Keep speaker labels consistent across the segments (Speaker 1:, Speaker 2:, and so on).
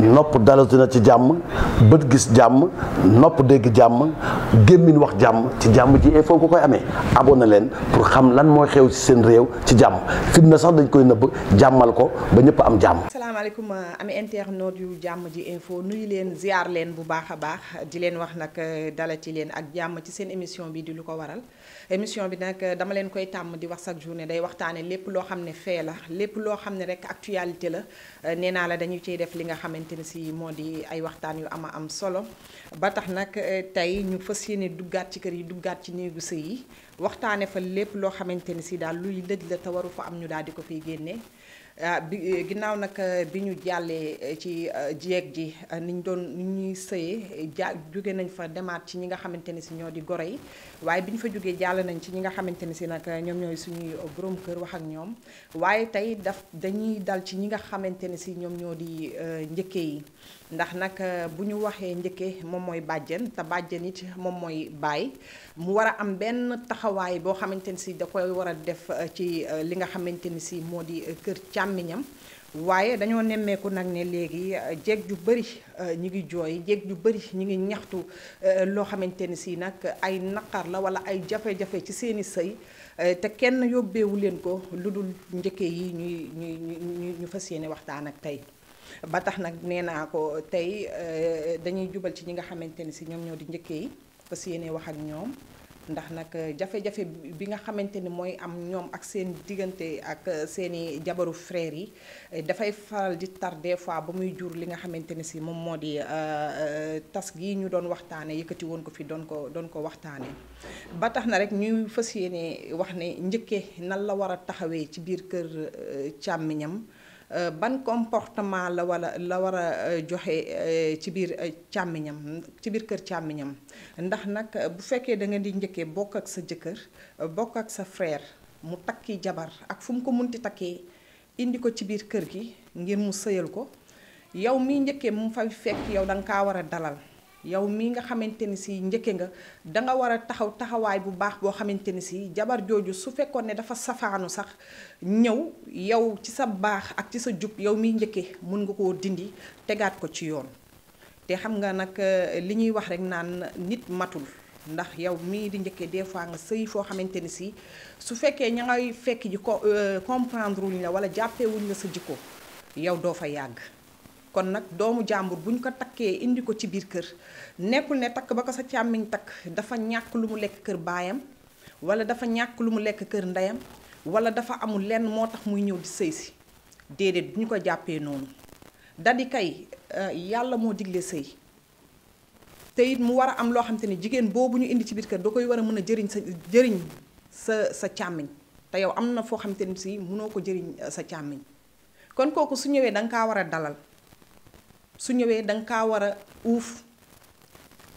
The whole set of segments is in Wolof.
Speaker 1: nopp dalatu na ci jàmm bët gis jàmm nopp dégg jàmm gémmiñ wax jàmm ci jàmm ji il faut nga koy amee abonné leen pour xam lan mooy xew ci seen réew ci jàmm fitna sax dañ koy nëbb jàmmal ko ba ñëpp am jàmm.
Speaker 2: salaamaaleykum euh, am internautes yu jàmm ji info nuyu leen ziar leen bu baax a baax di leen wax nag euh, dalati leen ak jàmm ci seen émission bi di lu ko waral émission bi nag euh, dama leen koy tàmm di wax chaque journée day waxtaanee lépp loo xam ne fee la lépp loo xam ne rek actualité la. Euh, nee naa la dañu ciy def li nga xamante ni si moo di ay waxtaan yu ama am solo ba tax nag euh, tey ñu fas yéene duggaat ci kër yi duggaat ci néegu sëy yi waxtaane fa lépp loo xamante ni si daal luy dëj la te waru fa am ñu daal di ko fiy génne ah bi euh, ginnaaw nag bi ñu jàllee ci jeeg ji ni ñu doon ni ñuy sëyee ja jóge nañ fa demaat ci ñi nga xamante ni si ñoo di goro yi waaye bi ñu fa jógee jàll nañ ci ñi nga xamante ni si nag ñoom ñooy suñuy borom kër wax ak ñoom ne si ñoom ñoo di euh, njëkke yi ndax nag euh, bu ñu waxee njëkke moom mooy bàjjen te bàjjen moom mooy baay mu war a am benn taxawaay boo xamante ni si da koy war a def euh, ci li nga xamante ni si moo di kër càmmiñam waaye dañoo nemmeeku nag ne léegi jéeg ju bëri ñu ngi jooy jéeg ju bëri ñu ngi ñaxtu loo xamante ni si nag ay naqar la wala ay jafe-jafe ci seeni sëy Euh, te kenn yóbbeewu leen ko lu dul njëkkee yi ñuy ñuy ñuy ñu fas yéene waxtaan ak tey ba tax nag nee naa ko tey euh, dañuy jubal ci ñi nga xamante ni si ñoom ñoo di njëkkee yi fas yéene wax ak ñoom. ndax nag jafe-jafe bi nga xamante ni mooy am ñoom ak seen diggante ak seeni jabaru freer yi dafay faral di tarde fois ba muy jur li nga xamante ni si moom moo di euh, euh, tas gi ñu doon waxtaane yëkkati woon ko fi doon ko doon ko waxtaane ba tax na rek ñuy fas yéene wax ne njëkkee nan la war a taxawee ci biir kër euh, càmmiñam Euh, ban comportement la wala la war a euh, joxe euh, ci biir càmmiñam ci biir kër càmmiñam ndax nag bu fekkee da nga di njëkkee bokk ak sa jëkkër bokk ak sa frère mu takki jabar ak fu mu ko munti takkee indi ko ci biir kër gi ngir mu sëyal ko yow miy njëkkee mu fay fekk yow da nga kaa war a dalal yow mii nga xamante ni si njëkke nga da nga war a taxaw taxawaay bu baax boo xamante ni si jabar jooju su fekkoon ne dafa safaanu sax ñëw yow ci sa baax ak ci sa jub yow mii njëkke mun nga koo dindi tegaat ko ci yoon te xam nga nag eh, li ñuy wax rek naan nit matul ndax yow mii di njëkkee des fois nga sëy foo xamante ni si su fekkee ña ngay fekk ji ko eh, comprendre wuñ la wala jàppee wuñ la sa jikko yow doo fa yàgg kon nag doomu jàmbur bu ñu ko takkee indi ko ci biir kër nekkul ne takk ba ko sa càmmiñ takk dafa ñàkk lu mu lekk kër baayam wala dafa ñàkk lu mu lekk kër ndeyam wala dafa amul lenn moo tax muy ñëw di sëy si déedéet bu ñu ko jàppee noonu dadi kay euh, yàlla moo digle sëy te it mu war a am loo xam te ne jigéen boobu ñu indi ci biir kër da koy war a mën a jëriñ sa jëriñ sa sa càmmiñ te yow am na foo xam te ne si mënoo ko jëriñ euh, sa càmmiñ kon kooku su ñëwee da nga war a dalal su ñëwee da nga kaa war a uuf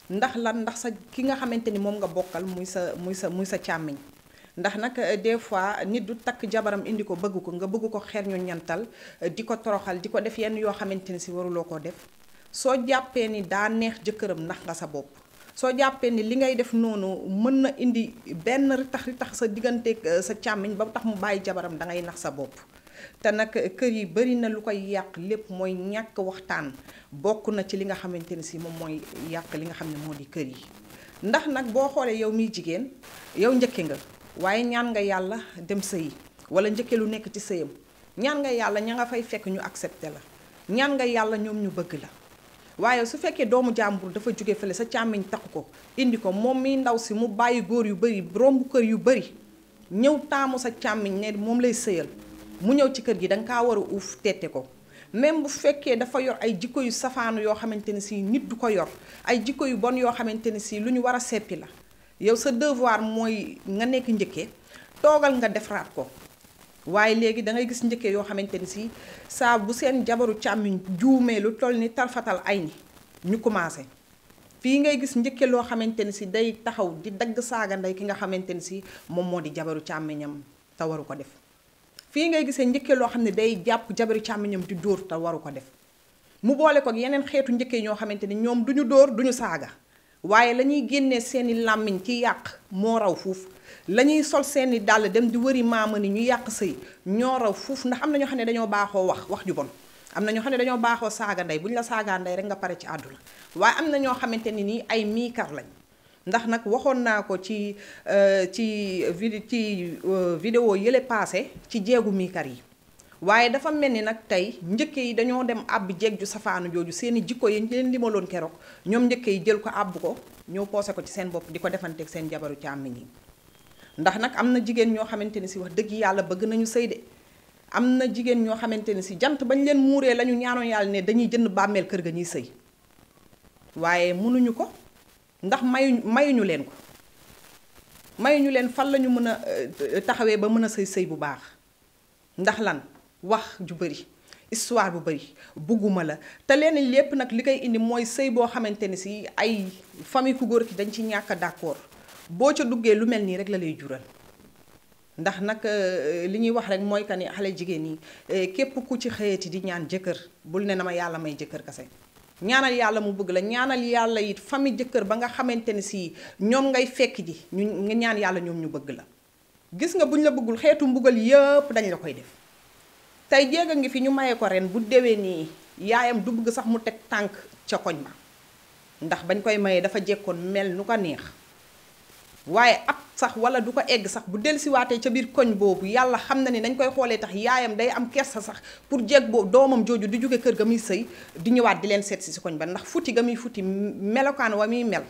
Speaker 2: ndax lan ndax sa ki nga xamante ni moom nga bokkal muy sa muy sa muy sa càmmiñ ndax nag euh, des fois nit du takk jabaram indi ko bëgg ko nga bëgg ko xeer ñu ñantal euh, di ko toroxal di ko def yenn yoo xamante ni si waruloo koo def soo jàppee ni daa neex jëkkëram ndax nga sa bopp soo jàppee ni li ngay def noonu mën na indi benn ritax ritax sa digganteeg euh, sa càmmiñ ba tax mu bàyyi jabaram da ngay nax sa bopp te nag kër yi bëri na lu koy yàq lépp mooy ñàkk waxtaan bokk na ci li nga xamante ni si moom mooy yàq li nga xam ne moo di kër yi ndax nag boo xoolee yow miy jigéen yow njëkke nga waaye ñaan nga yàlla dem sëyi wala njëkke lu nekk ci sëyam ñaan yàlla ña nga fay fekk ñu accepté la ñaan yàlla ñoom ñu bëgg la waaye su fekkee doomu jàmbur dafa jóge fële sa càmmiñ taxu ko indi ko moom miy ndaw si mu bàyyi góor yu bëri romb kër yu bëri ñëw taamu sa càmmiñ ne moom lay sëyal mu ñëw ci kër gi da nga kaa war a uuf tette ko même bu fekkee dafa yor ay jikko yu safaan yoo xamante ne si nit du ko yor ay jikko yu bon yoo xamante ne si lu ñu war a seppi la yow sa devoir mooy nga nekk njëkkee toogal nga defaraat ko waaye léegi da ngay gis njëkkee yoo xamante ni si saa bu seen jabaru càmmiñ juumee lu toll ni tarfatal ay ni ñu commencé fii ngay gis njëkke loo xamante ni si day taxaw di dagg saaga ndey ki nga xamante ni si moom moo di jabaru càmmiñam te waru ko def fii ngay gisee njëkkee loo xam ne day jàpp jabaru càmmiñam di dóor te waru ko def mu boole ko ak yeneen xeetu njëkkee ñoo xamante ni ñoom duñu dóor duñu saaga waaye la ñuy génnee seeni làmmiñ ci yàq moo raw fuuf la ñuy sol seeni dàll dem di wëri maama ni ñu yàq sëy ñoo raw fuuf ndax am na ñoo xam ne dañoo baaxoo wax wax ju bon am na ñoo xam ne dañoo baaxoo saaga ndey bu ñu la saagaa ndey rek nga pare ci àdduna waaye am na ñoo xamante ni nii ay miikar lañ ndax nag waxoon naa ko ci euh, ci vid ci euh, vidéo yële passé ci jeegu miikar yi waaye dafa mel ni nag tey njëkke yi dañoo dem àbb jeeg ju safaanu jooju seeni jikko yi ñu leen limaloon keroog ñoom njëkke yi jël ko àbb ko ñëw poose ko ci seen bopp di ko defanteeg seen jabaru càmmiñ yi ndax nag am na jigéen ñoo xamante ni si wax dëgg yàlla bëgg nañu sëy de am na jigéen ñoo xamante ni si jant bañ leen muuree la ñu ñaanoon yàlla ne dañuy jënd bàmmeel kër ga ñuy sëy waaye mënuñu ko ndax mayu mayuñu leen ko mayuñu leen fan la ñu mën a euh, taxawee ba mën a sëy sëy bu baax ndax lan wax ju bëri histoire bu bëri bugguma la te leen lépp nag li koy indi mooy sëy boo xamante ni si ay famille ku góor ki dañ ci ñàkk d'accord boo ca duggee lu mel nii rek la lay jural ndax nag euh, li ñuy wax rek mooy que ni xale jigéen ñi euh, képp ku ci xëyati di ñaan jëkkër bul ne na ma yàlla may jëkkër kase ñaanal yàlla mu bëgg la ñaanal yàlla it famille jëkkër ba nga xamante ne si ñoom ngay fekk ji ñu nga ñaan yàlla ñoom ñu bëgg la gis nga buñ la bëggul xeetu mbugal yëpp dañ la koy def tey jéeg a ngi fi ñu mayee ko ren bu dewee nii yaayam du bëgg sax mu teg tànk ca koñ ma ndax bañ koy mayee dafa jekkoon mel nu ko neex waaye ab sax wala du ko egg sax bu dell dellusiwaatee ca biir koñ boobu yàlla xam na ni nañ koy xoolee tax yaayam day am kersa sax pour jeeg boobu doomam jooju di jóge kër ga muy sëy di ñëwaat di leen seet si si koñ ba ndax futi ga muy futi melokaan wa muy mel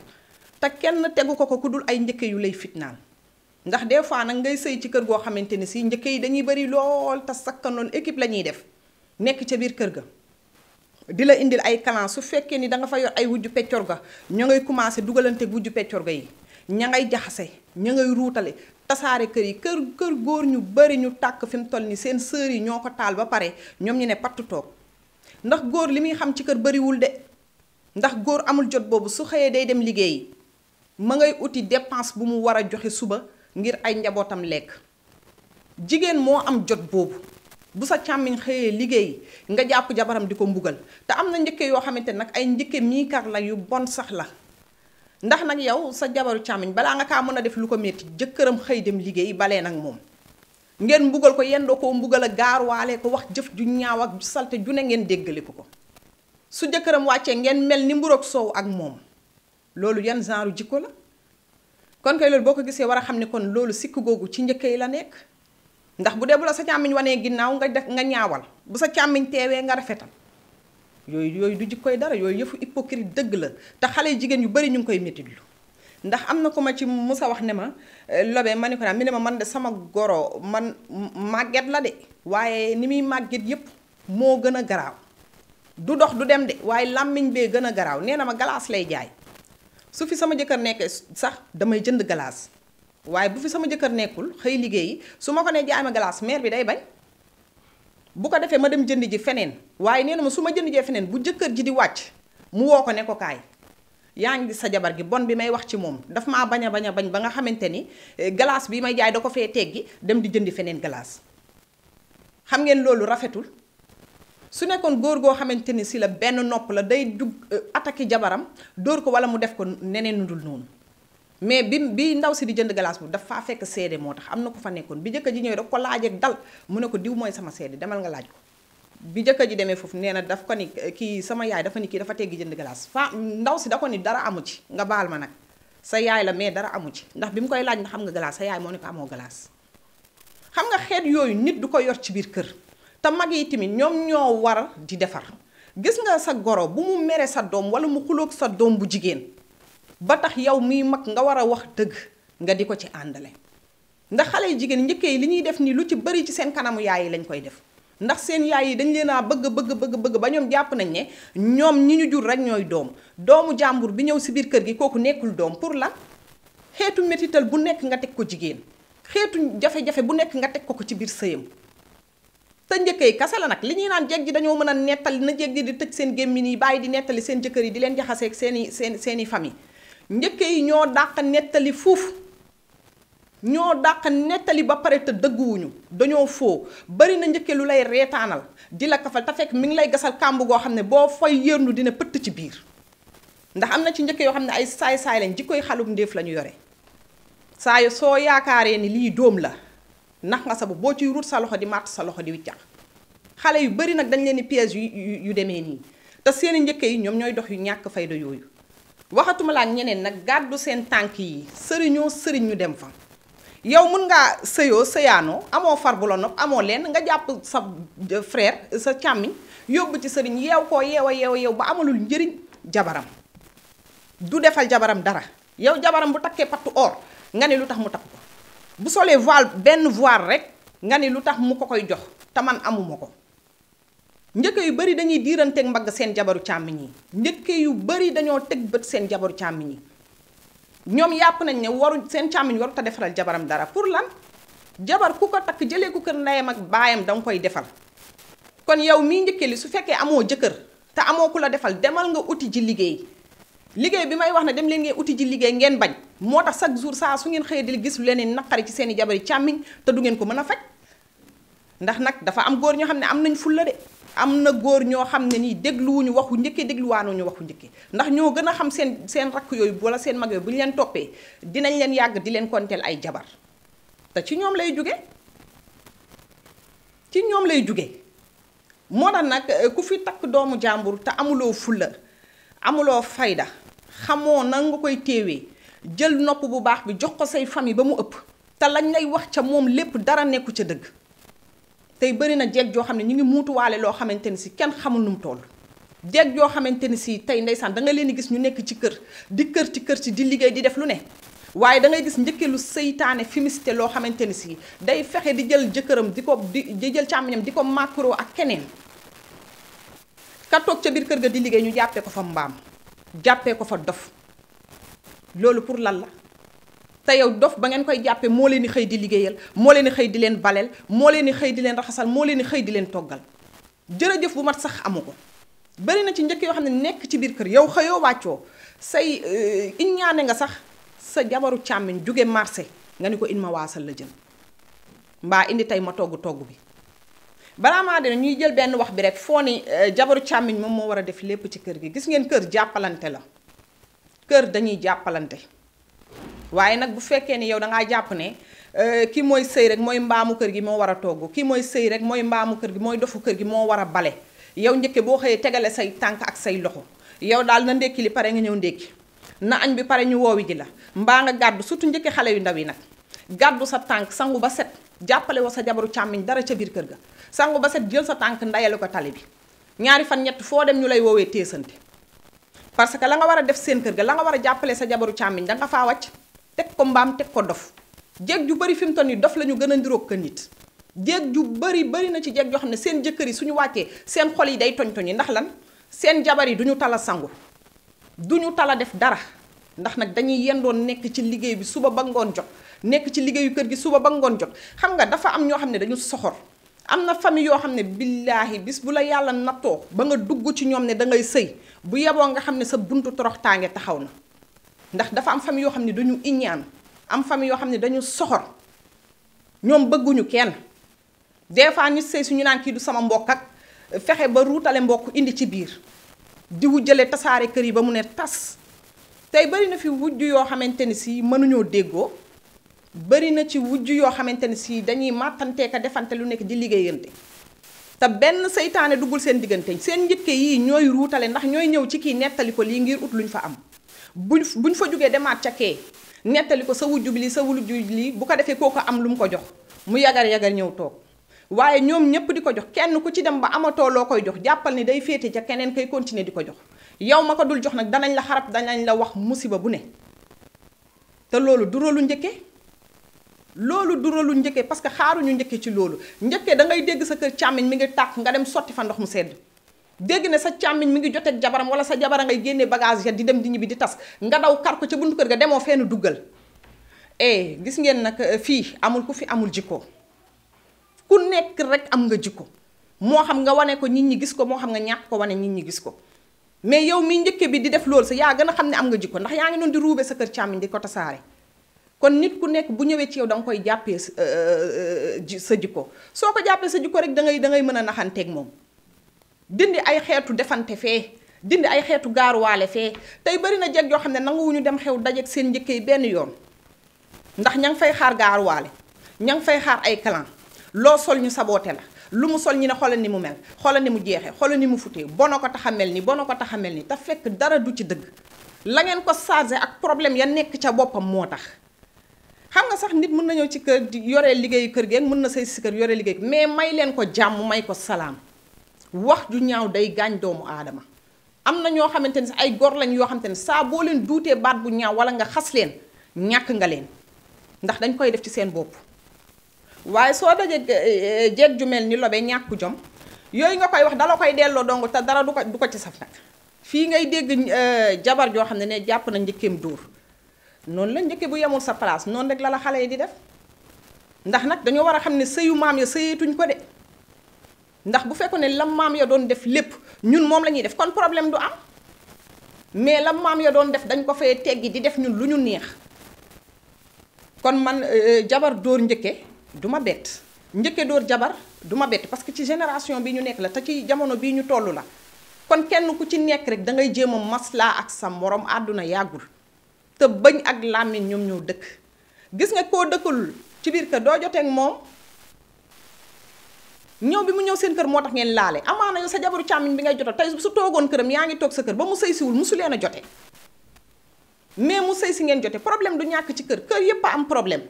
Speaker 2: te kenn tegu ko ko ku dul ay njëkke yu lay fitnaan ndax des fois nag ngay sëy ci kër goo xamante ni si njëkke yi dañuy bëri lool te sakkanoon équipe la ñuy def nekk ca biir kër ga di la indil ay kalan su fekkee ni da nga fa yor ay wujju peccor ga ñoo ngay commencé dugalante wujju peccor ga yi ña ngay jaxase ña ngay ruutale tasaare kër yi kër kër góor ñu bari ñu tàkk fi mu toll ni seen sœur yi ñoo ko taal ba pare ñoom ñu ne patt ndax góor li muy xam ci kër bariwul de ndax góor amul jot boobu su xëyee day dem liggéeyi ma ngay uti dépense bu mu war a joxe suba ngir ay njabootam lekk jigéen moo am jot boobu bu sa càmmiñ xëyee liggéey nga jàpp jabaram di ko mbugal te am na njëkke yoo xamante nag ay njëkke miikar la yu bon sax la ndax nag yow sa jabaru càmmiñ balaa nga kaa mën a def lu ko métti jëkkëram xëy dem liggéey balee nag moom ngeen mbugal ko yenn yendoo ko mbugal a gaaruwaale ko wax jëf ju ñaaw ak salte ju ne ngeen déggaleeku ko su jëkkëram wàccee ngeen mel ni mburoog soow ak moom loolu yan genre jikko la kon kay loolu boo ko gisee war a xam ne kon loolu sikk googu ci njëkk yi la nekk ndax bu dee bu la sa càmmiñ wanee ginnaaw nga def nga ñaawal bu sa càmmiñ teewee nga rafetal yooyu yooyu du jikkoy dara yooyu yëfu hypocrite dëgg la te xale jigéen yu bari ñu ngi koy métitlu ndax am na ko ma ci musa wax ne ma eh, lobe ma ni ko naa mi ne ma man de sama goro man màgget la de waaye ni muy màgget yépp moo gën a garaaw du dox du dem de waaye làmmiñ bee gën a garaaw nee na ma galaas lay jaay su fi sama jëkkër nekk sax damay jënd galaas waaye bu fi sama jëkkër nekkul xëy liggéeyi su ma ko ne jaay ma galaas mère bi day bañ bu ko defee ma dem jënd ji feneen waaye nee na ma su ma jënd jee feneen bu jëkkër ji di wàcc mu woo ko ne kaay yaa ngi sa jabar gi bon bi may wax ci moom daf maa bañ a bañ a bañ ba nga xamante ni eh, glace bi may jaay da ko fee teggi dem di jëndi feneen glace xam ngeen loolu rafetul su nekkoon góor goo xamante ni si la benn nopp la day dugg eh, attaqué jabaram dóor ko wala mu def ko neneen nu dul noonu mais bi bi ndaw si di jënd glace bu dafa fekk seede moo tax am na ko fa nekkoon bi jëkkër ji ñëwee daf ko laajee dal mu ne ko diw mooy sama seede demal nga laaj ko bi jëkkër ji demee foofu nee na daf ko ni kii sama yaay dafa ni kii dafa teggi jënd glace fa ndaw si da ko ni dara amu ci nga baal ma nag sa yaay la mais dara amu ci ndax bi mu koy laaj nga xam nga glace sa yaay moo ne ko amoo glace xam nga xeet yooyu nit du ko yor ci biir kër te mag yi tamit ñoom ñoo war di defar gis nga sa goro bu mu sa doom wala mu sa doom bu jigéen ba tax yow miy mag nga war a wax dëgg nga di ko ci àndale ndax xale yu jigéen njëkkee li ñuy def nii lu ci bëri ci seen kanamu yaay yi lañ koy def ndax seen yaay yi dañ leen a bëgg bëgg bëgg ba ñoom jàpp nañ ne ñoom ñi ñu jur rek ñooy doom doomu jàmbur bi ñëw si biir kër gi kooku nekkul doom pour la xeetu métital bu nekk nga teg ko jigéen xeetu jafe-jafe bu nekk nga teg ko ko ci biir sëyam te njëkkee kase la nag li ñuy naan jeg ji dañoo mën a nettali na jeeg ji di tëj seen gémmiñ yi bàyyi di nettali seen yi di leen jaxaseeg seen seen seen i njëkke yi ñoo dàq nettali fuuf ñoo dàq nettali ba pare te dëgguwuñu dañoo foo bari na njëkke lu lay reetaanal di la kafal te fekk mi ngi lay gasal kàmb goo xam ne boo fay yërnu dina pëtt ci biir ndax am na ci njëkke yoo xam ne ay saay-saay lañ ji koy xalum ndéef la ñu yore saa yu soo yaakaaree ni lii doom la nax nga sa bu boo ci rut sa loxo di màtt sa loxo di wiccax xale yu bari nag dañ leen di piège yu yu demee nii te seeni njëkke yi ñoom ñooy dox yu ñàkk fayda yooyu waxatuma laan ñeneen nag gàddu seen tànk yi sëriñoo sëriñ ñu dem fa yow mun ngaa sëyoo sëyaanoo amoo far bu la nopp amoo lenn nga jàpp sa frère sa càmmiñ yóbbu ci sëriñ yeew koo yeewa yeewa yeew ba amalul njëriñ jabaram du defal jabaram dara yow jabaram bu takkee pattu or nga ne lu tax mu takk ko bu solee voile benn voile rek nga ni lu tax mu ko koy jox te man amuma ko njëkke yu bari dañuy diiranteeg mbagg seen jabaru càmmiñ yi njëkke yu bari dañoo teg bët seen jabaru càmmiñ yi ñoom yàpp nañ ne waru seen càmmiñ waru ta defaral jabaram dara pour lan jabar ku ko takk jëlee ku kër ndeyam ak baayam danga koy defal kon yow mii njëkke li su fekkee amoo jëkkër te amoo ku la defal demal nga uti ji liggéey liggéey bi may wax ne dem leen ngeen uti ji liggéey ngeen bañ moo tax chaque jour saa su ngeen xëyee di gis lu leneen naqari ci seeni jabari càmmiñ te du ngeen ko mën a faj ndax nag dafa am góor ñoo xam ne am nañ fulla am na góor ñoo xam ne nii dégluwuñu waxu njëkki dégluwaanuñu waxu njëkki ndax ñoo gën a xam seen seen rakk yooyu wala seen mag yooyu bu ñu leen toppee dinañ leen yàgg di leen konteel ay jabar te ci ñoom lay jóge ci ñoom lay jóge moo nag eh, ku fi takk doomu jàmbur te amuloo fulla amuloo fayda xamoo nag nga koy téewee jël nopp bu baax bi jox ko say fami ba mu ëpp te lañ lay wax ca moom lépp dara nekku ca dëgg tey bëri na jeeg joo xam ne ñu ngi muutuwaale loo xamante ni si kenn xamul nu mu toll jeeg joo xamante ni si tey ndeysaan da leen di gis ñu nekk ci kër di kër ci kër ci di liggéey di def lu ne waaye da ngay gis njëkkeelu seytaane féministe loo xamante ni si day fexe di jël jëkkëram di ko di jël càmmiñam di ko màkkuroo ak keneen ka ca biir kër ga di liggéey ñu jàppee ko fa mbaam jàppee ko fa dof loolu pour lan la te yow dof ba ngeen koy jàppe moo leen di xëy di liggéeyal moo leen xëy di leen baleel moo leen di xëy di leen raxasal moo leen di xëy di leen toggal jërëjëf bu mat sax amu ko bari na ci njëkk yoo xam ne nekk ci biir kër yow xëyoo wàccoo say euh, iññaane nga sax sa jabaru càmmiñ jóge marché nga ni ko in ma waasal la jën mbaa indi tey ma togg togg bi balaa maa dina ñuy jël benn wax bi rek foo ni euh, jabaru càmmiñ moom moo war a def lépp ci kër gi gis ngeen kër jàppalante la kër dañuy jàppalante waaye nag bu fekkee ni yow da jàpp ne euh, kii mooy sëy rek mooy mbaamu kër gi moo war a togg kii mooy sëy rek mooy mbaamu kër gi mooy dofu kër gi moo war a bale yow njëkke boo xëyee tegale say tànk ak say loxo yow daal na ndékki li pare nga ñëw ndékki na añ bi pare ñu woowi ji la mbaa nga gàddu surtout njëkke xale yu ndaw yi nag gàddu sa tànk sangu ba set jàppale wa sa jabaru càmmiñ dara ca biir kër ga sangu ba set jël sa tànk ndayale ko tali bi ñaari fan ñett foo dem ñu lay woowee téesante parce que la nga war a def seen kër la nga war a jàppale sa jabaru càmmiñ da nga faa wàcc teg ko mbaam teg ko dof jéeg ju bari fi mu toll nii dof lañu gën a ndiroog ka nit jéeg ju bari bari na ci jéeg joo xam ne seen jëkkër yi suñu wàccee seen xol yi day toñ-toñ yi ndax lan seen jabar yi duñu ñu tala sangu duñu ñu tala def dara ndax nag dañuy yendoon nekk ci liggéey bi suba ba ngoon jot nekk ci liggéeyu kër gi suba ba ngoon jot xam nga dafa am ñoo xam ne dañu soxor am na famille yoo xam ne billaahi bis bu la yàlla nattoo ba nga dugg ci ñoom ne da ngay sëy bu yeboo nga xam ne sa buntu toroxtaange taxaw na ndax dafa am fami yoo xam ne dañu iñaan am famille yoo xam ne dañu soxor ñoom bëgguñu kenn des fois nit sëy suñu naan kii du sama mbokk ak fexe ba ruutale mbokk indi ci biir diwu jële tasaare kër yi ba mu ne tas tey bari na fi wujj yoo xamante ni si mënuñoo déggoo bari na ci wujj yoo xamante ni si dañuy màttante defante lu nekk di liggéeyante te benn seytaane duggul seen diggante seen njëkke yi ñooy ruutale ndax ñooy ñëw ci kii nettali ko lii ngir ut luñ fa am buñ buñ fa jógee demaat ca kee nettali ko sa wujju bi lii sa wujju bi lii bu ko defee koo ko am lu mu ko jox mu yagar yagar ñëw toog waaye ñoom ñëpp di ko jox kenn ku ci dem ba amatoo loo koy jox jàppal ni day féete ca keneen kay continuer di ko jox yow ma ko dul jox nag danañ la xarab danañ la wax musiba bu ne te loolu duralu njëkke loolu duralu njëkke parce que xaaruñu njëkke ci loolu njëkke dangay dégg sa kër càmmiñ mi ngi tàkk nga dem sotti fa ndox mu sedd dégg na sa càmmiñ mi ngi joteeg jabaram wala sa jabara ngay génne bagage ya di dem di ñibbi di tas nga daw kar ko ca buntu kër ga demoo fenn duggal eh gis ngeen nag eh, fii amul ku fi amul jikko ku nekk rek am nga jikko moo xam nga wane ko nit ñi gis ko moo xam nga ñàkk ko wane nit ñi gis ko mais yow mi njëkke bi di def loolu sa yaa gën a xam ne am nga jikko ndax yaa ngi noon di ruube sa kër càmmiñ di ko tasaare kon nit ku nekk bu ñëwee ci yow da koy jàppee eh, eh, sa jikko soo ko jàppee sa jikko rek da ngay da ngay mën a naxanteeg moom dindi ay xeetu defante fee dindi ay xeetu gaaruwaale fee tey bari na jeeg yoo xam ne ñu dem xew dajeeg seen njëkkee benn yoon ndax ña ngi fay xaar gaaruwaale ña ngi fay xaar ay clan loo sol ñu saboote la lu mu sol ñu ne xoolal ni mu mel xoolal ni mu jeexee xoolal ni mu futee bono ko tax a mel ni bono ko tax a mel ni te fekk dara du ci dëgg la ngeen ko chargé ak problème ya nekk ca boppam moo tax xam nga sax nit mun na ñëw ci kër yore liggéeyu kër geeg mën na say si kër yoree liggéey mais may leen ko jàmm may ko salaam wax ju ñaaw day gaañ doomu aadama am na ñoo xamante ne si ay gor lañ yoo xamante ne saa boo leen duutee baat bu ñaaw wala nga xas leen ñàkk nga leen ndax dañ koy def ci seen bopp waaye soo dajee eh, eh, jeeg ju mel ni lobe ñàkku jom yooyu nga koy wax dala koy delloo dong te dara du ko du ko ci saf nag fii ngay dégg eh, jabar joo xam ne ne jàpp na njëkkeem dóor noonu la njëkke bu yemul sa place noonu rek la la xale yi di def ndax nag dañoo war a xam ne sëyu maam ya sëyeetuñ ko de ndax bu fekkoon ne la maam ya doon def lépp ñun moom la ñuy def kon problème du am mais la maam ya doon def dañ ko fay teggi di def ñun lu ñu neex kon man euh, euh, jabar dóor njëkke du ma bett njëkke dóor jabar du ma bett parce que ci génération bi ñu nekk la te ci jamono bii ñu toll la kon kenn ku ci nekk rek da ngay jéem a maslaa ak sa morom àdduna yàggul te bañ ak làmmiñ ñoom ñoo dëkk gis nga koo dëkkalul ci biir kër doo joteeg moom ñëw bi mu ñëw seen kër moo tax ngeen laale amaana yow sa jabaru càmmiñ bi ngay jotal tey su toogoon këram yaa ngi toog sa kër ba mu sëy siwul musu leen a jote mais mu sëy si ngeen jote problème du ñàkk ci kër kër yépp am problème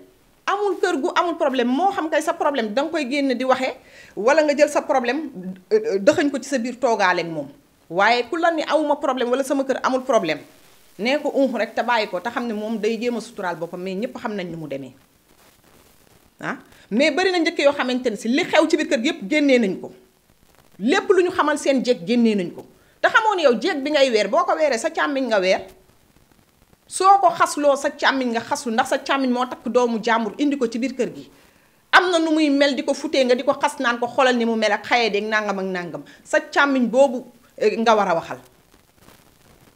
Speaker 2: amul kër gu amul problème moo xam kay sa problème danga koy génne di waxee wala nga jël sa problème euh, euh, dëxañ ko ci sa biir toogaaleeg moom waaye ku la ni awuma problème wala sama kër amul problème nee ko unx rek te bàyyi ko te xam ne moom day jéem a suturaal boppam mais ñëpp xam nañ ni mu demee ah mais bari na njëkk yoo xamante ne si li xew ci biir kër gi yëpp génnee nañu ko lépp lu ñu xamal seen jeeg génnee nañ ko te xamoon yow jeeg bi ngay weer boo ko weeree sa càmmiñ nga weer soo ko xasloo sa càmmiñ nga xaslu ndax sa càmmiñ moo takk doomu jàmbur indi ko ci biir kër gi am na nu muy mel di ko futee nga di ko xas naan ko xolal ni mu mel ak xayee deeg nangam ak nàngam sa càmmiñ boobu eh, nga war a waxal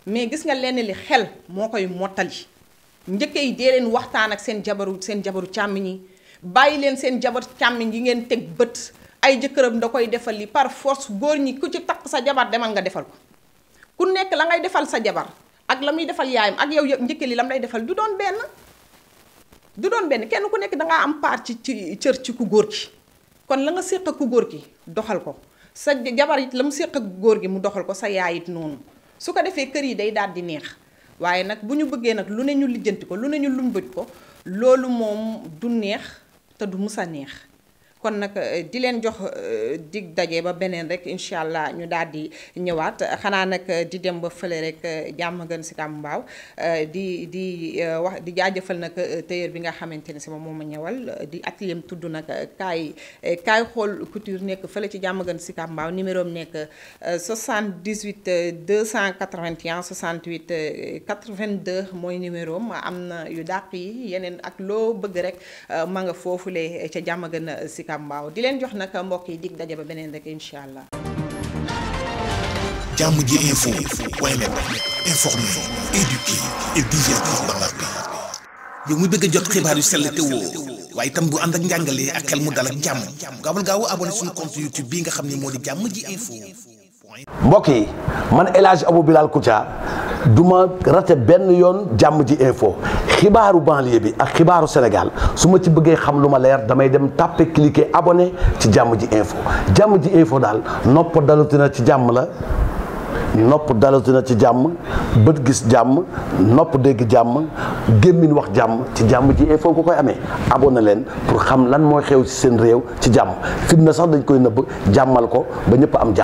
Speaker 2: mais gis nga lenn li xel moo koy mottali njëkkee yi dee waxtaan ak seen jabaru seen jabaru càmmiñ yi bàyyi leen seen jabar càmmiñ yi ngeen teg bët ay jëkkëram nda koy defal li par force góor ñi ku ci takk sa jabar demal nga defal ko ku nekk la ngay defal sa jabar ak la muy defal yaayam ak yow njëkkee li la mu lay defal du doon benn du kenn ku nekk dangaa am part ci ci cër ci ku góor kon la nga ak ku góor ki doxal ko sa jabar it la mu séq ak góor gi mu doxal ko sa yaay it noonu su ko defee kër yi day daal di neex waaye nag bu ñu bëggee nag lu ne ñu lijjanti ko lu ne ñu lumbëj ko loolu moom du neex te du mus a neex kon nag eh, di leen jox eh, dig daje ba beneen rek incha allah ñu daal di ñëwaat xanaa nag eh, di dem ba fële rek jàmm gën si kàmm mbaaw di di wax di jaajëfal nag tailleur bi nga xamante ni sama moom a ñëwal di atelier tudd nag kaay kaay xool couture nekk fële ci jàmm gën si kàmm mbaaw numéro am nekk 78 281 68 82 mooy numéro am am na yu dàq yi yeneen ak loo bëgg rek ma nga foofulee ca jàmm gën si kàmm kàmbaaw di leen jox nag mbokk yi dig daje ba beneen rek incha allah.
Speaker 1: jàmm ji info waaye nag informer, éduquer et bu ànd ak njàngalee ak xel mu dal ak bii nga xam ne moo di jàmm ji mbokk yi man El Hadj Abou Bilal Koutia rate benn yoon jàmm ji info. xibaaru banlieue bi ak xibaaru Sénégal su ma ci bëggee xam lu ma leer damay dem tàppe cliquer abonné ci jàmm ji info jàmm ji info daal nopp dalutina ci jàmm la nopp dalutina ci jàmm bët gis jàmm nopp dégg jàmm gémmiñ wax jàmm ci jàmm ji info nga koy amee abonné leen pour xam lan mooy xew ci seen réew ci jàmm fitna sax dañ koy nëbb jàmmal ko ba ñëpp am jàmm